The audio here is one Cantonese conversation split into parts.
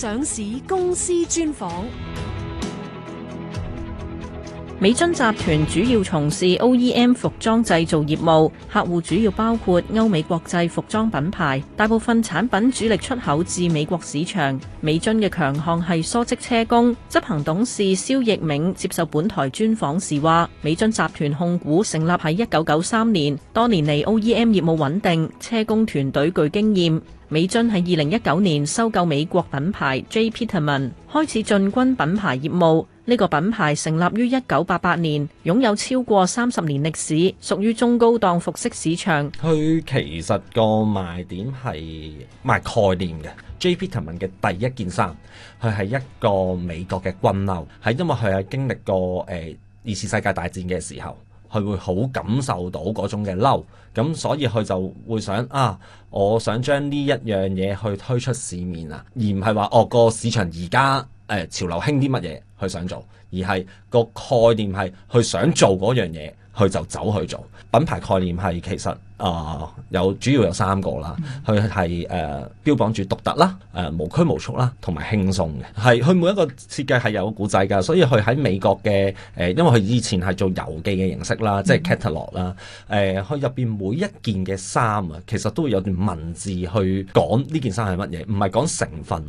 上市公司專訪。美臻集團主要從事 O E M 服裝製造業務，客戶主要包括歐美國際服裝品牌，大部分產品主力出口至美國市場。美臻嘅強項係梳織車工，執行董事蕭翊銘接受本台專訪時話：美臻集團控股成立喺一九九三年，多年嚟 O E M 業務穩定，車工團隊具經驗。美臻喺二零一九年收購美國品牌 J. Peterman，開始進軍品牌業務。呢、這個品牌成立於一九八八年，擁有超過三十年歷史，屬於中高檔服飾市場。佢其實個賣點係賣概念嘅。J. Peterman 嘅第一件衫，佢係一個美國嘅軍褸，係因為佢係經歷過誒二、呃、次世界大戰嘅時候。佢會好感受到嗰種嘅嬲，咁所以佢就會想啊，我想將呢一樣嘢去推出市面啊，而唔係話哦、這個市場而家誒潮流興啲乜嘢佢想做，而係個概念係去想做嗰樣嘢。佢就走去做品牌概念係，其實啊有主要有三個啦，佢係誒標榜住獨特啦，誒無拘無束啦，同埋輕鬆嘅。係佢每一個設計係有個古仔噶所以佢喺美國嘅誒，因為佢以前係做郵寄嘅形式啦，即係 catalog 啦，誒佢入邊每一件嘅衫啊，其實都會有段文字去講呢件衫係乜嘢，唔係講成分，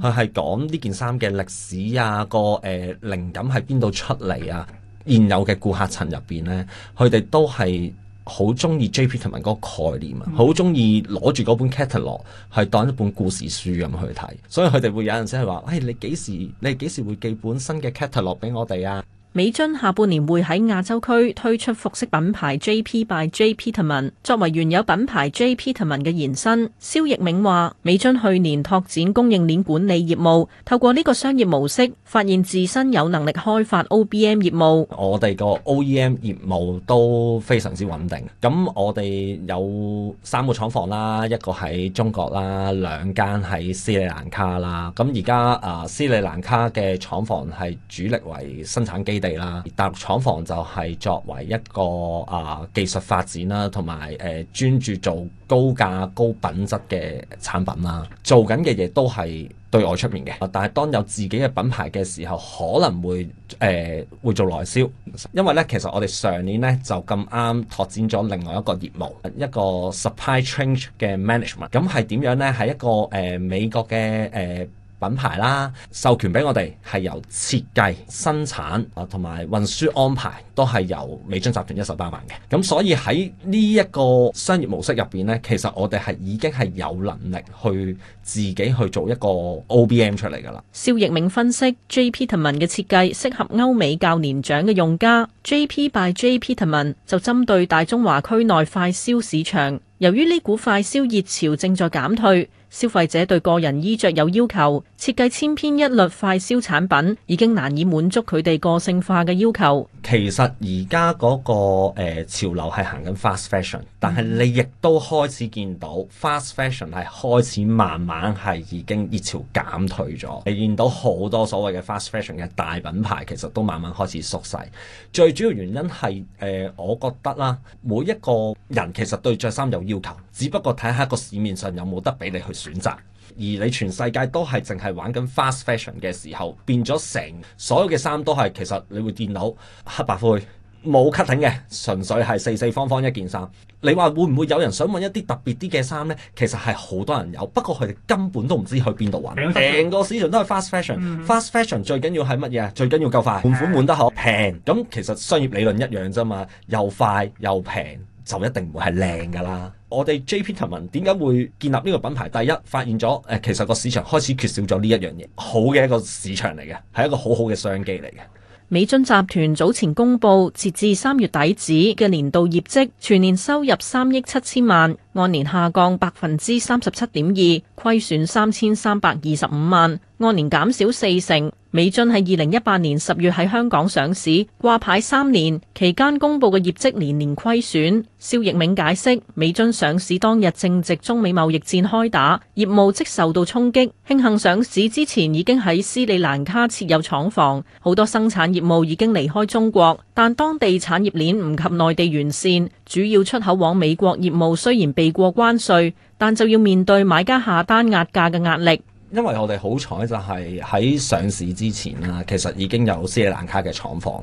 佢係講呢件衫嘅歷史啊個誒靈感係邊度出嚟啊。現有嘅顧客層入邊呢，佢哋都係好中意 J.P. 同埋嗰個概念啊，好中意攞住嗰本 catalog 係當一本故事書咁去睇，所以佢哋會有陣時係話，喂、哎，你幾時你幾時會寄本新嘅 catalog 俾我哋啊？美津下半年會喺亞洲區推出服飾品牌 J.P. by J.Peterman，作為原有品牌 J.Peterman 嘅延伸。蕭翊銘話：美臻去年拓展供應鏈管理業務，透過呢個商業模式，發現自身有能力開發 O.B.M 業務。我哋個 O.E.M 業務都非常之穩定。咁我哋有三個廠房啦，一個喺中國啦，兩間喺斯里蘭卡啦。咁而家啊，斯里蘭卡嘅廠房係主力為生產基。地啦，而大陸廠房就係作為一個啊、呃、技術發展啦，同埋誒專注做高價高品質嘅產品啦，做緊嘅嘢都係對外出面嘅。但係當有自己嘅品牌嘅時候，可能會誒、呃、會做內銷，因為呢，其實我哋上年呢就咁啱拓展咗另外一個業務，一個 supply chain 嘅 management。咁係點樣呢？係一個誒、呃、美國嘅誒。呃品牌啦，授權俾我哋係由設計、生產啊同埋運輸安排都係由美臻集團一手包辦嘅。咁所以喺呢一個商業模式入邊呢，其實我哋係已經係有能力去自己去做一個 O B M 出嚟㗎啦。蕭翊銘分析，J. Peterman 嘅設計適合歐美較年長嘅用家。J. P. by J. Peterman 就針對大中華區內快銷市場。由於呢股快銷熱潮正在減退。消費者對個人衣着有要求，設計千篇一律，快消產品已經難以滿足佢哋個性化嘅要求。其實而家嗰個、呃、潮流係行緊 fast fashion，但係你亦都開始見到 fast fashion 係開始慢慢係已經熱潮減退咗。你見到好多所謂嘅 fast fashion 嘅大品牌，其實都慢慢開始縮細。最主要原因係誒、呃，我覺得啦，每一個人其實對着衫有要求，只不過睇下個市面上有冇得俾你去，選擇，而你全世界都係淨係玩緊 fast fashion 嘅時候，變咗成所有嘅衫都係其實你會見到黑白灰冇 cutting 嘅，純粹係四四方方一件衫。你話會唔會有人想揾一啲特別啲嘅衫呢？其實係好多人有，不過佢哋根本都唔知去邊度揾。成個市場都係 fast fashion，fast、嗯、哼 fashion 最緊要係乜嘢？最緊要夠快，換款換得好平。咁其實商業理論一樣啫嘛，又快又平。就一定唔會係靚噶啦。我哋 J.P. Thomson 點解會建立呢個品牌？第一發現咗誒、呃，其實個市場開始缺少咗呢一樣嘢，好嘅一個市場嚟嘅，係一個好好嘅商機嚟嘅。美臻集團早前公布截至三月底止嘅年度業績全年收入三億七千萬，按年下降百分之三十七點二，虧損三千三百二十五萬，按年減少四成。美臻喺二零一八年十月喺香港上市，掛牌三年期間公布嘅業績年年虧損。蕭翊銘解釋，美臻上市當日正值中美貿易戰開打，業務即受到衝擊。慶幸上市之前已經喺斯里蘭卡設有廠房，好多生產業務已經離開中國，但當地產業鏈唔及內地完善，主要出口往美國業務雖然避過關稅，但就要面對買家下單壓價嘅壓力。因為我哋好彩就係喺上市之前啦，其實已經有斯里蘭卡嘅廠房。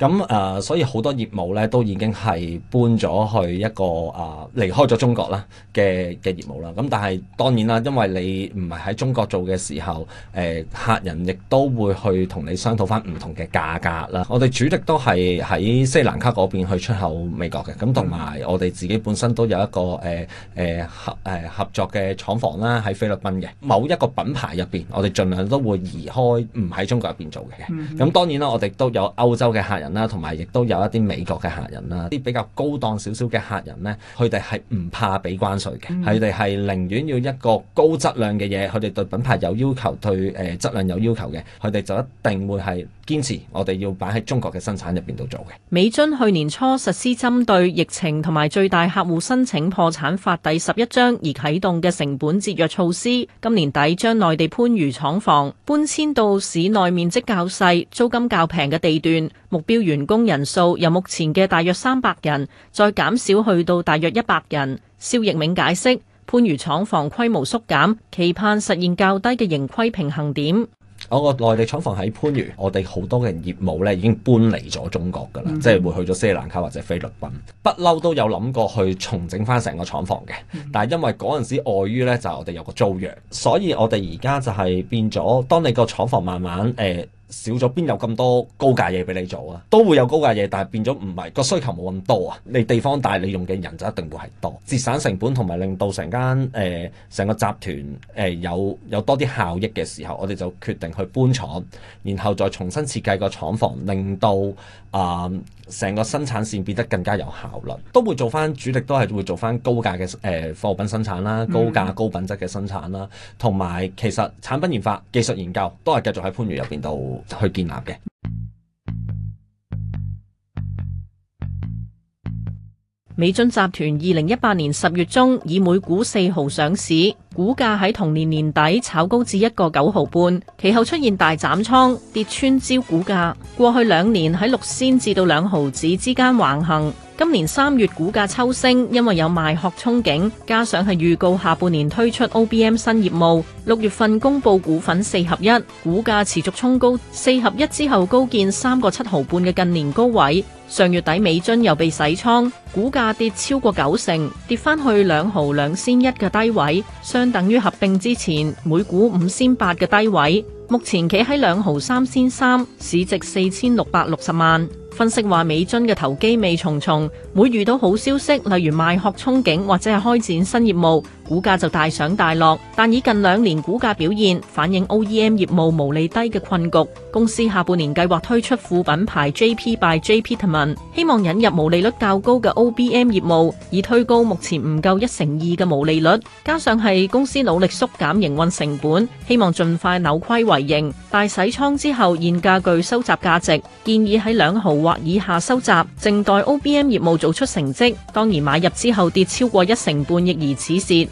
咁誒、呃，所以好多業務咧都已經係搬咗去一個誒、呃，離開咗中國啦嘅嘅業務啦。咁但係當然啦，因為你唔係喺中國做嘅時候，誒、呃、客人亦都會去你同你商討翻唔同嘅價格啦。我哋主力都係喺斯里蘭卡嗰邊去出口美國嘅，咁同埋我哋自己本身都有一個誒誒合誒合作嘅廠房啦，喺菲律賓嘅某一個品牌入邊，我哋盡量都會移開唔喺中國入邊做嘅。咁、嗯、當然啦，我哋都有歐洲嘅客人。啦，同埋亦都有一啲美國嘅客人啦，啲比較高檔少少嘅客人呢，佢哋係唔怕俾關稅嘅，佢哋係寧願要一個高質量嘅嘢，佢哋對品牌有要求，對誒、呃、質量有要求嘅，佢哋就一定會係堅持我哋要擺喺中國嘅生產入邊度做嘅。美臻去年初實施針對疫情同埋最大客戶申請破產法第十一章而啟動嘅成本節約措施，今年底將內地番禺廠房搬遷到市內面積較細、租金較平嘅地段，目標。員工人數由目前嘅大約三百人，再減少去到大約一百人。蕭翊銘解釋：番禺廠房規模縮減，期盼實現較低嘅盈虧平衡點。我個內地廠房喺番禺，我哋好多嘅業務咧已經搬離咗中國噶啦，mm hmm. 即係會去咗斯里蘭卡或者菲律賓。不嬲都有諗過去重整翻成個廠房嘅，mm hmm. 但係因為嗰陣時礙於咧就我哋有個租約，所以我哋而家就係變咗，當你個廠房慢慢誒。呃少咗邊有咁多高價嘢俾你做啊？都會有高價嘢，但係變咗唔係個需求冇咁多啊。你地方大，你用嘅人就一定會係多，節省成本同埋令到成間誒成、呃、個集團誒、呃、有有多啲效益嘅時候，我哋就決定去搬廠，然後再重新設計個廠房，令到啊成、呃、個生產線變得更加有效率。都會做翻主力，都係會做翻高價嘅誒、呃、貨品生產啦，高價高品質嘅生產啦，同埋、嗯、其實產品研發、技術研究都係繼續喺番禺入邊度。去建立嘅。美臻集團二零一八年十月中以每股四毫上市。股價喺同年年底炒高至一個九毫半，其後出現大斬倉，跌穿招股價。過去兩年喺六仙至到兩毫子之間橫行。今年三月股價抽升，因為有賣殼憧憬，加上係預告下半年推出 OBM 新業務。六月份公布股份四合一，股價持續衝高。四合一之後高見三個七毫半嘅近年高位。上月底美臻又被洗倉，股價跌超過九成，跌翻去兩毫兩仙一嘅低位。上等於合併之前每股五仙八嘅低位，目前企喺兩毫三仙三，市值四千六百六十萬。分析話美臻嘅投機味重重，每遇到好消息，例如賣殼憧憬或者係開展新業務。股價就大上大落，但以近兩年股價表現反映 OEM 業務無利低嘅困局。公司下半年計劃推出副品牌 JP By J Pitman，希望引入毛利率較高嘅 OBM 業務，以推高目前唔夠一成二嘅毛利率。加上係公司努力縮減營運成本，希望盡快扭虧為盈。大洗倉之後現價具收集價值，建議喺兩毫或以下收集，靜待 OBM 業務做出成績。當然，買入之後跌超過一成半，亦而止蝕。